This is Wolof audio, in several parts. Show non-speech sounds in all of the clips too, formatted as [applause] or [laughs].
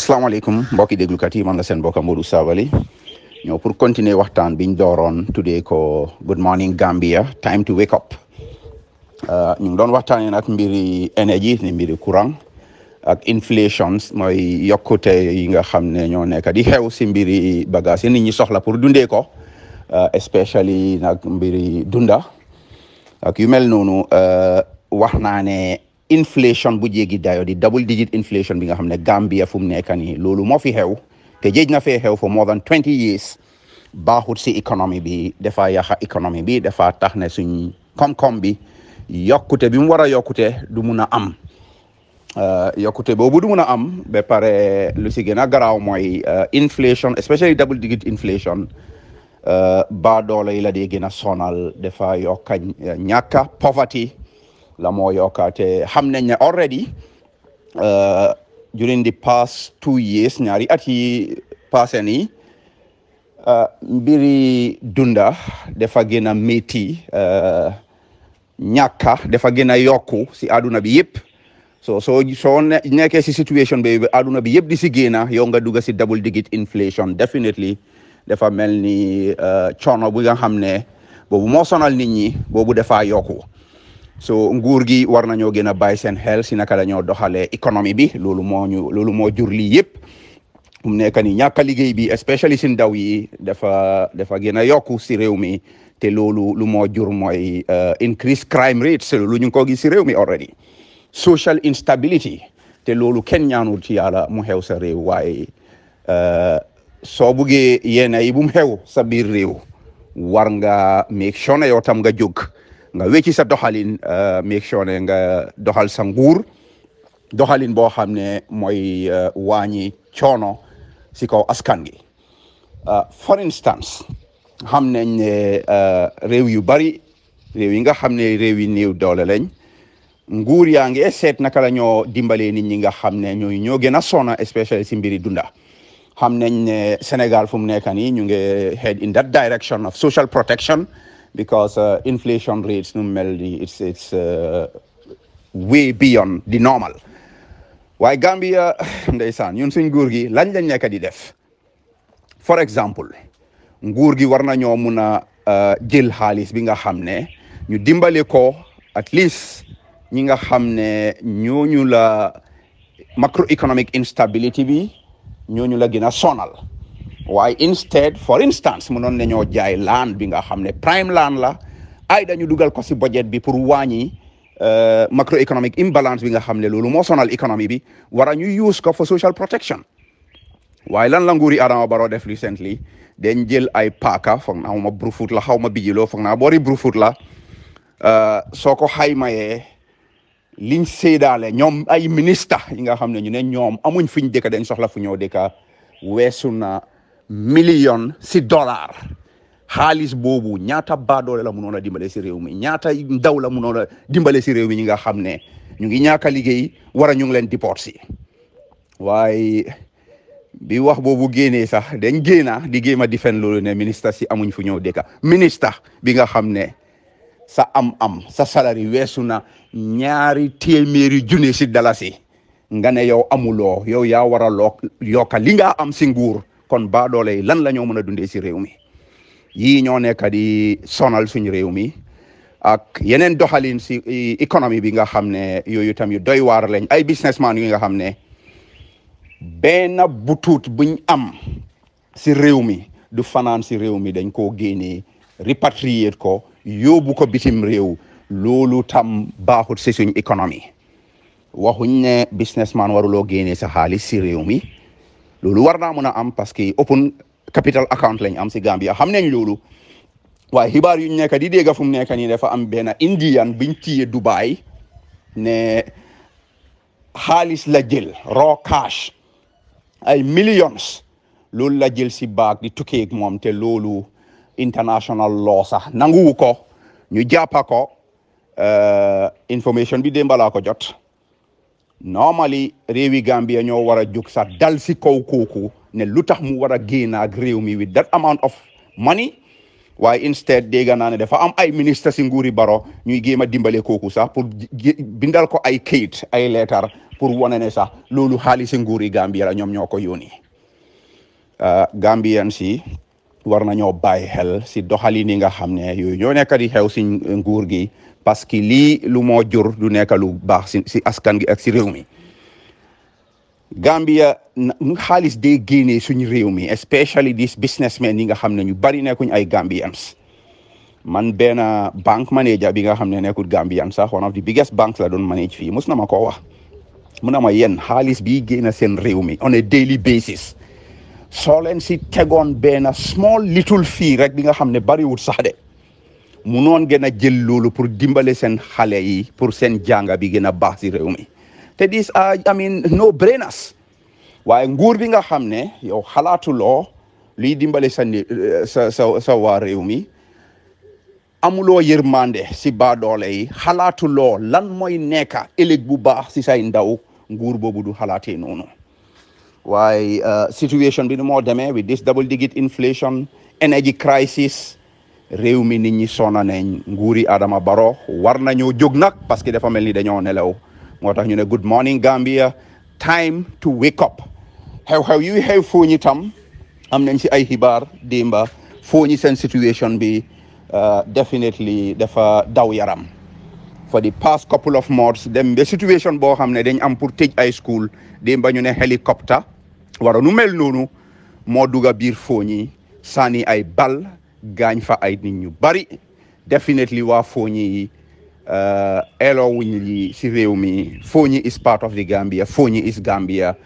salaamaaleykum mbokki déglukat yi man la seen mbokk Modou Sabally ñoo pour continuer waxtaan biñ dooroon tuddee ko good morning Gambia time to wake up euh, ñu ngi doon waxtaanee nag mbiri énergie ni mbiri courant ak inflations mooy yokkute yi nga xam ne ñoo nekk di xew si mbiri bagage yi nit ñi soxla pour dundee ko euh, especially nag mbiri dunda ak yu mel noonu euh, wax naa ne inflation bu jéggi dayo di double digit inflation bi nga xam ne Gambia fu mu nekk nii loolu moo fi xew te jéej na fee xew for more than twenty years baaxut si économie bi dafa yàqa économie bi dafa tax ne suñ koom-koom bi yokkute bi mu war a yokkute du mun a am euh, yokkute boobu du mun a am ba pare lu si gën a garaaw mooy euh, inflation especially double digit inflation euh, baa doole yi la dee gën a sonal dafa yokka ñàkka poverty la moo yokka te xam nañ ne already uh, during the past two years ñaari at yi passé nii uh, mbiri dunda dafa gën a métti uh, ñàkka dafa gën a yokku si àdduna bi yëpp so soo soo nekkee si situation bi àdduna bi yëpp di si génna yow nga dugg si double digit inflation definitely dafa mel ni uh, coono bi nga xam ne boobu moo sonal nit ñi boobu dafa yokku so nguur gi war nañoo gën a bàyyi seen xel si naka la ñoo doxalee économie bi loolu moo ñu loolu moo jur lii yëpp mu nekk ni ñàkk liggéey bi especially si ndaw yi dafa dafa gën a yokku si réew mi te loolu lu moo jur mooy uh, increase crime rates loolu ñu ngi ko gis si réew mi already social instability te loolu kenn ñaanul ci yàlla mu xew sa réew waaye uh, soo buggee yéen yi bu mu xew sa biir réew war nga make sure ne yow tam nga jóg nga wecci sa doxalin euh, make sure nga doxal sa nguur doxalin boo xam ne mooy euh, waañi coono si kaw askan gi euh, for instance xam nañ ne réew yu bari réew yi nga xam ne réew yi néew doole lañ nguur yaa ngi seet naka la ñoo dimbalee nit ñi nga xam ne ñooy ñoo gën a sonn especially si mbiri dunda xam nañ ne Sénégal fu mu nekk nii ñu ngi head in that direction of social protection because uh, inflation rates normally it's it's uh, way beyond the normal waaye Gambia [sighs] ndeysaan ñun suñ nguur gi lañ lañ nekk di def for example nguur gi war nañoo mun a uh, jël xaalis bi nga xam ne ñu dimbale ko at least ñi nga xam ne ñooñu la macroeconomic instability bi ñooñu la gën a sonal waay instead for instance mënoon nañoo jaay laan bi nga xam ne prime laan la ay dañu dugal ko si budget bi pour wàññi euh, macroeconomic imbalance bi nga xam ne loolu moo sonal économie bi war a ñu use ko fo social protection waaye lan la nguuri Adama baro def recently dañ jël ay paaka foog naa ma Brufut la xaw ma bijiloo foog naa boori Brufut la euh, soo ko xaymayee liñ séedaale ñoom ay ministre yi nga xam ne ñu ne ñoom amuñ fuñ dëkka dañ soxla fu ñoo dëkka weesu million si dollar xaalis boobu ñaata baadoole la munoon a dimbale si réew mi ñaata ndaw la munoon a dimbale si réew mi ñi nga xam ne ñu ngi ñàkk a liggéey war a ñu ngi leen diport si waaye bi wax boobu génnee sax dañ génna di géema di fen loolu ne ministre si amuñ fu ñëw dëkka ministre bi nga xam ne sa am-am sa salari weesu na ñaari téeméeri june si dalasi nga ne yow amuloo yow yaa war a loo am si nguur kon baadoole yi lan la ñoo mën a dundee si réew mi yii ñoo nekk di sonal suñu réew mi ak yeneen doxalin si e, économie bi nga xam ne yooyu tam yu doy waar lañ ay businessman yi nga xam ne benn butuut buñ am si réew mi du fanaan si réew mi dañ koo génnee répatrier ko yóbbu ko bitim réew loolu tam baaxut si suñ économie waxuñ ne businessman waruloo génnee sa xaalis si réew mi loolu war naa mën a am parce que open capital account lañ am si Gambia xam nañ loolu waaye xibaar yuñ nekk di dégg fu mu nekk nii dafa am benn indian biñ téye Dubai ne xaalis la jël raw cash ay millions loolu la jël si baak di tukkee ak moom te loolu international law sax nanguwu ko ñu jàppa ko euh, information bi démb laa ko jot normally réewi Gambia ñoo war a jóg sax dal si kaw kooku ne lu tax mu war a génn ak réew mi with that amount of money waaye instead dégg naa ne dafa am ay ministre si nguuri baro ñuy géem a dimbale kooku sax pour bindal ko ay kayit ay leetar pour wane ne sax loolu xaalis si nguuri Gambia la ñoom ñoo ko yónni ah, Gambian si war na nañoo bàyyi xel si doxali ni nga xam ne yooyu ñoo nekk di xew si nguur gi parce que lii lu moo jur lu nekk lu baax si si askan gi ak si réew mi Gambia xaalis de génnee suñu réew mi especially these businessmen yi nga xam ne ñu bari nekkuñ ay Gambians man benn bank manager bi nga xam ne nekkul Gambian sax one of the biggest banks la doon manage fii mus na ma koo wax mu na ma yéen xaalis bi génn seen réew mi on a daily basis soo leen si tegoon benn small little fii rek bi nga xam ne bariwul sax de mu noon gën a jël loolu pour dimbale seen xale yi pour seen jànga bi gën a baax si réew mi te dis uh, I mean no brainers waaye nguur bi nga xam ne yow xalaatuloo liy dimbale sa uh, sa sa sa réew mi amuloo yërmande si baadoole yi xalaatuloo lan mooy nekka ëllëg bu baax si say ndaw nguur boobu du xalaatee noonu waaye uh, situation bi nu moo demee with this double digit inflation energy crisis réew mi nit ñi sona nañ nguuri Adama baro war nañoo jóg nag parce que dafa mel ni dañoo nelaw moo tax ñu ne good morning Gambia time to wake up xew-xew yu xew foo tam am nañ si ay xibaar démba foo ñi seen situation bi uh, definitely dafa daw yaram for the past couple of months dem be situation boo xam ne dañ am pour tëj ay school dem ba ñu ne hélicoptère wara nu mel noonu moo dugga biir Foni sànni ay bal gaañ fa ay nit ñu bari definitely waa Foni yi euh, eloowuñ li si réew mi Foni is part of the Gambia Foni is Gambia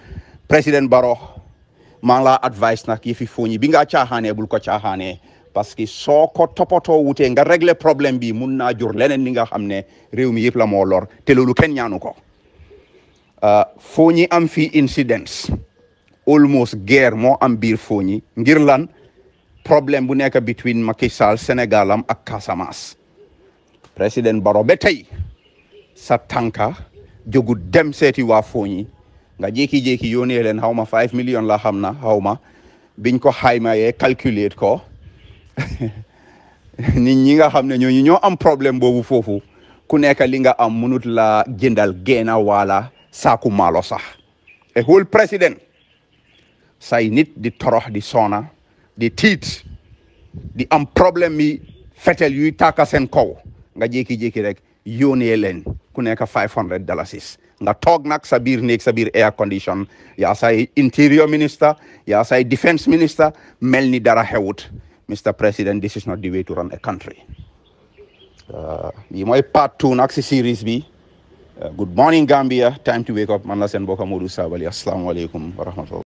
président Barrow maa ngi laa advice nag yëfi Foni bi nga caaxaanee bul ko caaxaanee parce que soo ko toppatoo wutee nga régler problème bi mun naa jur leneen li nga xam ne réew mi yëpp la moo lor te loolu kenn ñaanu ko euh, foo am fii incidents almost guerre moo am biir foo ñi ngir lan problème bu nekk between Macky Sall Sénégal am ak Casamance président Barrow ba tey sa tànka jógu dem seeti waa foo ñi nga jékki-jékki yónnee leen xaw ma 5 millions la xam na xaw ma biñ ko xaymayee calculer ko. [laughs] nit ñi nga xam ne ñooñu ñoo am problème boobu foofu ku nekk li nga am munut la jëndal génna wala saaku malo sax e whole président say nit di torox di soona di tiit di am problème mi fetel yuy tàkka seen kaw nga jékki-jékki rek yónnee leen ku nekk five hundred dalasis nga toog nag sa biir néeg sa biir air condition yaa say interior minister yaa say defense minister mel ni dara xewut Mr President this is not the way to run a country uh, yi mooy nag si series bi uh, good morning Gambia time to wake up man la seen mbokk Modou Sabally asalaamaaleykum wa rahmatullah